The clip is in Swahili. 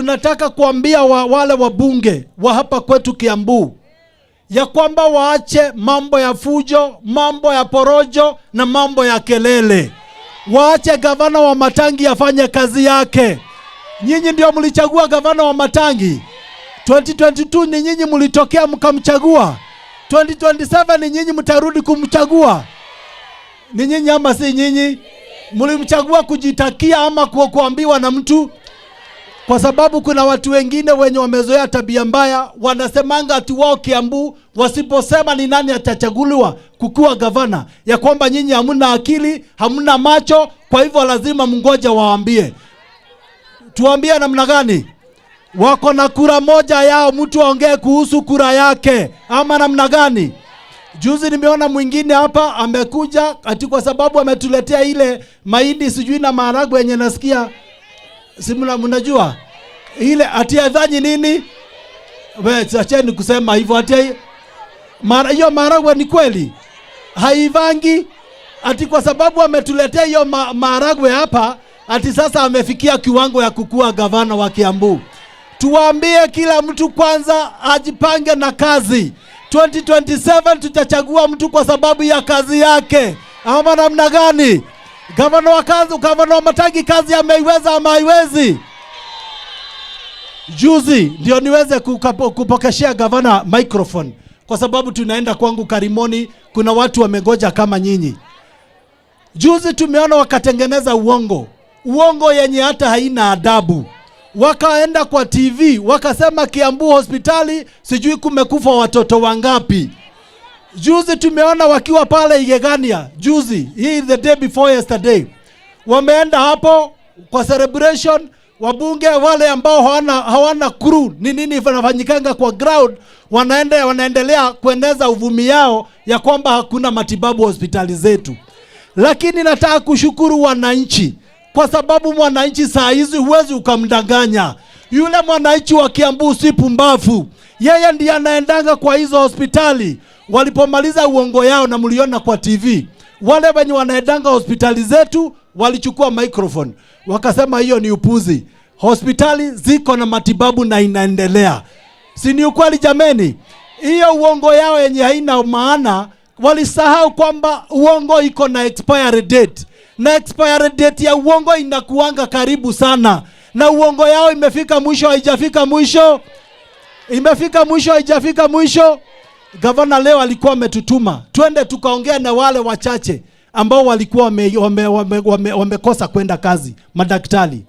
tunataka kuambia wa wale wabunge wa hapa kwetu Kiambu ya kwamba waache mambo ya fujo, mambo ya porojo na mambo ya kelele. Waache gavana wa Matangi afanye kazi yake. Nyinyi ndio mlichagua gavana wa Matangi 2022, ni nyinyi mlitokea mkamchagua. 2027 ni nyinyi mtarudi kumchagua. Ni nyinyi ama si nyinyi? Mlimchagua kujitakia ama kuambiwa na mtu? kwa sababu kuna watu wengine wenye wamezoea tabia mbaya, wanasemanga ati wao Kiambu wasiposema ni nani atachaguliwa kukuwa gavana, ya kwamba nyinyi hamna akili, hamna macho, kwa hivyo lazima mngoja waambie. Tuambie namna gani? Wako na kura moja yao, mtu aongee kuhusu kura yake, ama namna gani? Juzi nimeona mwingine hapa amekuja ati kwa sababu ametuletea ile mahindi sijui na maharagwe yenye nasikia simla, mnajua ile atiadhanyi nini? We, acheni kusema hivyo, atia mara hiyo maragwe ni kweli haivangi, ati kwa sababu ametuletea hiyo ma, maragwe hapa, ati sasa amefikia kiwango ya kukua gavana wa Kiambu. Tuwaambie kila mtu kwanza ajipange na kazi. 2027 tutachagua mtu kwa sababu ya kazi yake, ama namna gani? Gavana wa kazi, gavana wa Matagi kazi ameiweza ama haiwezi? Juzi ndio niweze kupokeshea gavana microphone kwa sababu tunaenda kwangu Karimoni, kuna watu wamegoja kama nyinyi. Juzi tumeona wakatengeneza uongo, uongo yenye hata haina adabu. Wakaenda kwa TV wakasema Kiambu hospitali sijui kumekufa watoto wangapi. Juzi tumeona wakiwa pale Igegania, juzi hii, the day before yesterday, wameenda hapo kwa celebration. Wabunge wale ambao hawana hawana crew ni nini vanafanyikanga kwa ground, wanaende wanaendelea kueneza uvumi yao ya kwamba hakuna matibabu hospitali zetu, lakini nataka kushukuru wananchi kwa sababu mwananchi saa hizi huwezi ukamdanganya yule mwananchi wa Kiambu, si pumbafu. Yeye ndiye anaendanga kwa hizo hospitali walipomaliza uongo yao, na mliona kwa TV wale wenye wanaendanga hospitali zetu walichukua microphone wakasema hiyo ni upuzi, hospitali ziko na matibabu na inaendelea. Si ni ukweli jameni? Hiyo uongo yao yenye haina maana, walisahau kwamba uongo iko na expiry date, na expiry date ya uongo inakuanga karibu sana, na uongo yao imefika mwisho, haijafika mwisho. Imefika mwisho, haijafika mwisho? Gavana leo alikuwa ametutuma twende tukaongea na wale wachache ambao walikuwa wamekosa wame, wame, wame kwenda kazi, madaktari.